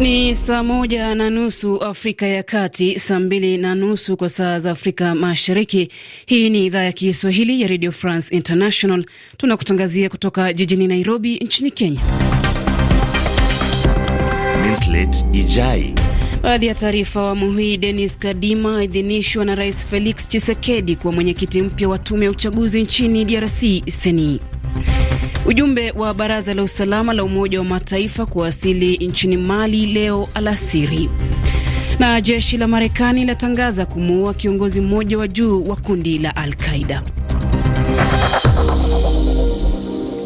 Ni saa moja na nusu Afrika ya Kati, saa mbili na nusu kwa saa za Afrika Mashariki. Hii ni idhaa ya Kiswahili ya Radio France International, tunakutangazia kutoka jijini Nairobi nchini Kenya. Ijai. Baadhi ya taarifa awamu hii: Denis Kadima aidhinishwa na Rais Felix chisekedi kuwa mwenyekiti mpya wa tume ya uchaguzi nchini DRC seni Ujumbe wa Baraza la Usalama la Umoja wa Mataifa kuwasili nchini Mali leo alasiri. Na jeshi la Marekani latangaza kumuua kiongozi mmoja wa juu wa kundi la Al-Qaida.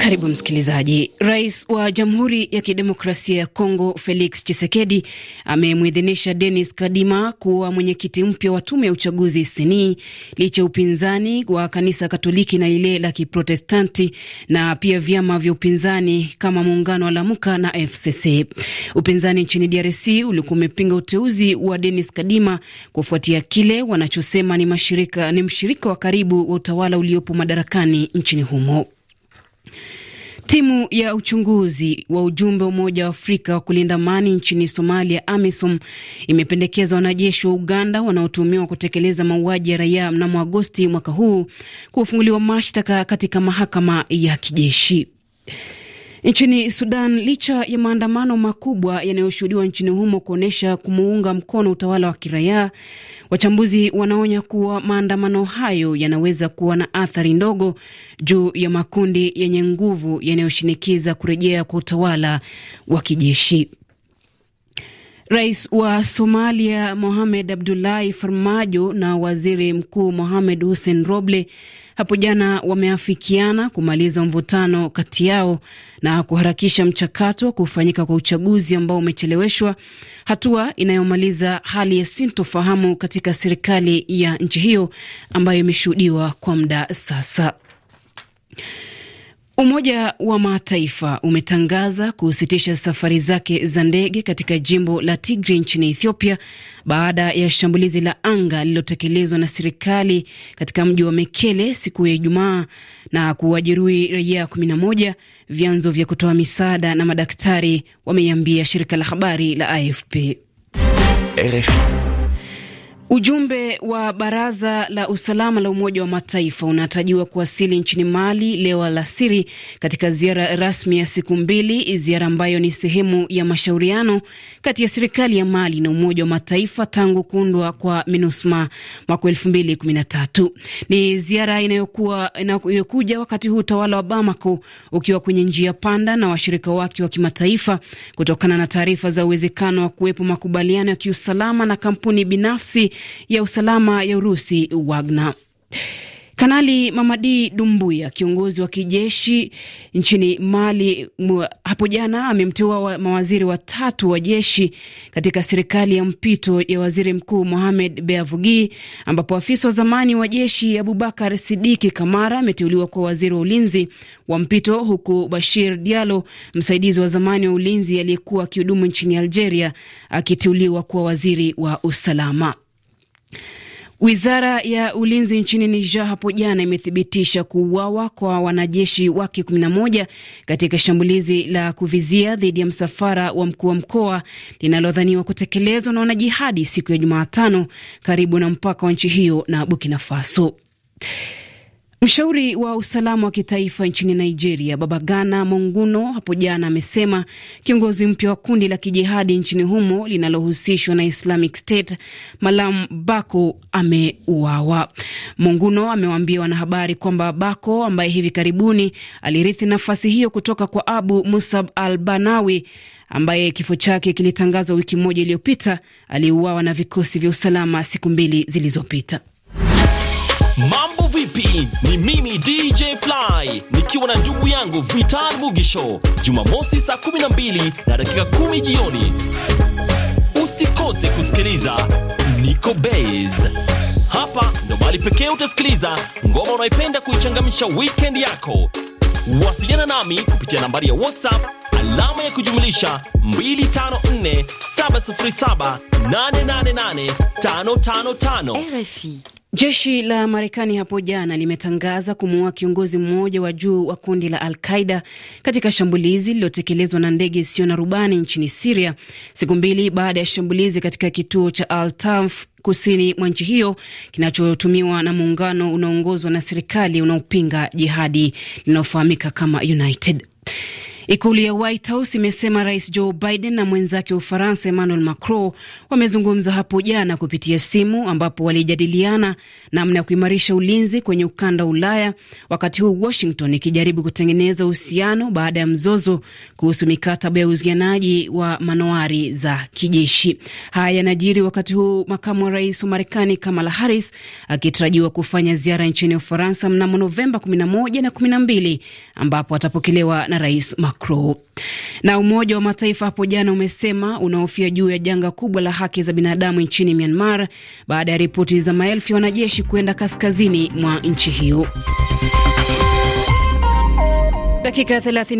Karibu msikilizaji. Rais wa Jamhuri ya Kidemokrasia ya Kongo Felix Tshisekedi amemwidhinisha Denis Kadima kuwa mwenyekiti mpya wa tume ya uchaguzi seni licha upinzani wa kanisa Katoliki na lile la Kiprotestanti na pia vyama vya upinzani kama muungano wa Lamuka na FCC. Upinzani nchini DRC ulikuwa umepinga uteuzi wa Denis Kadima kufuatia kile wanachosema ni mashirika, ni mshirika wa karibu wa utawala uliopo madarakani nchini humo. Timu ya uchunguzi wa ujumbe wa Umoja wa Afrika wa kulinda amani nchini Somalia, AMISOM, imependekeza wanajeshi wa Uganda wanaotumiwa kutekeleza mauaji ya raia mnamo Agosti mwaka huu kufunguliwa mashtaka katika mahakama ya kijeshi. Nchini Sudan, licha ya maandamano makubwa yanayoshuhudiwa nchini humo kuonyesha kumuunga mkono utawala wa kiraia, wachambuzi wanaonya kuwa maandamano hayo yanaweza kuwa na athari ndogo juu ya makundi yenye nguvu yanayoshinikiza kurejea kwa utawala wa kijeshi. Rais wa Somalia Mohamed Abdullahi Farmajo na waziri mkuu Mohamed Hussein Roble hapo jana wameafikiana kumaliza mvutano kati yao na kuharakisha mchakato wa kufanyika kwa uchaguzi ambao umecheleweshwa, hatua inayomaliza hali ya sintofahamu katika serikali ya nchi hiyo ambayo imeshuhudiwa kwa muda sasa. Umoja wa Mataifa umetangaza kusitisha safari zake za ndege katika jimbo la Tigray nchini Ethiopia baada ya shambulizi la anga lililotekelezwa na serikali katika mji wa Mekele siku ya Ijumaa na kuwajeruhi raia 11. Vyanzo vya kutoa misaada na madaktari wameiambia shirika la habari la AFP. RFI. Ujumbe wa Baraza la Usalama la Umoja wa Mataifa unatarajiwa kuwasili nchini Mali leo alasiri katika ziara rasmi ya siku mbili, ziara ambayo ni sehemu ya mashauriano kati ya serikali ya Mali na Umoja wa Mataifa tangu kuundwa kwa MINUSMA mwaka 2013. Ni ziara inayokuja wakati huu utawala wa Bamako ukiwa kwenye njia panda na washirika wake wa kimataifa kutokana na taarifa za uwezekano wa kuwepo makubaliano ya kiusalama na kampuni binafsi ya usalama ya Urusi, Wagner. Kanali Mamadi Dumbuya, kiongozi wa kijeshi nchini Mali, hapo jana amemteua wa mawaziri watatu wa jeshi katika serikali ya mpito ya waziri mkuu Mohamed Beavugi, ambapo afisa wa zamani wa jeshi Abubakar Sidiki Kamara ameteuliwa kuwa waziri wa ulinzi wa mpito, huku Bashir Diallo, msaidizi wa zamani wa ulinzi aliyekuwa akihudumu nchini Algeria, akiteuliwa kuwa waziri wa usalama. Wizara ya ulinzi nchini Niger hapo jana imethibitisha kuuawa kwa wanajeshi wake 11 katika shambulizi la kuvizia dhidi ya msafara wa mkuu wa mkoa linalodhaniwa kutekelezwa na wanajihadi siku ya Jumatano karibu na mpaka wa nchi hiyo na Burkina Faso. Mshauri wa usalama wa kitaifa nchini Nigeria, Babagana Monguno, hapo jana amesema kiongozi mpya wa kundi la kijihadi nchini humo linalohusishwa na Islamic State, Malam Bako, ameuawa. Monguno amewaambia wanahabari kwamba Bako, ambaye hivi karibuni alirithi nafasi hiyo kutoka kwa Abu Musab al Banawi ambaye kifo chake kilitangazwa wiki moja iliyopita, aliuawa na vikosi vya usalama siku mbili zilizopita. Mambo vipi? Ni mimi DJ Fly nikiwa na ndugu yangu Vital Bugisho, Jumamosi saa 12 na dakika 10 jioni, usikose kusikiliza Niko bas Hapa ndo mahali pekee utasikiliza ngoma unaipenda kuichangamisha wikend yako. Wasiliana nami kupitia nambari ya WhatsApp alama ya kujumlisha 254 RFI. Jeshi la Marekani hapo jana limetangaza kumuua kiongozi mmoja wa juu wa kundi la Al Qaida katika shambulizi lililotekelezwa na ndege isiyo na rubani nchini Siria, siku mbili baada ya shambulizi katika kituo cha Al Tanf kusini mwa nchi hiyo kinachotumiwa na muungano unaoongozwa na serikali unaopinga jihadi linalofahamika kama United Ikulu ya White House imesema Rais Joe Biden na mwenzake wa Ufaransa Emmanuel Macron wamezungumza hapo jana kupitia simu, ambapo walijadiliana namna ya kuimarisha ulinzi kwenye ukanda wa Ulaya, wakati huu Washington ikijaribu kutengeneza uhusiano baada ya mzozo kuhusu mikataba ya uzianaji wa manowari za kijeshi. Haya yanajiri wakati huu makamu wa rais wa Marekani Kamala Harris akitarajiwa kufanya ziara nchini Ufaransa mnamo Novemba 11 na 12 ambapo atapokelewa na Rais Macron. Macro. Na Umoja wa Mataifa hapo jana umesema unahofia juu ya janga kubwa la haki za binadamu nchini Myanmar baada ya ripoti za maelfu ya wanajeshi kuenda kaskazini mwa nchi hiyo. Dakika 30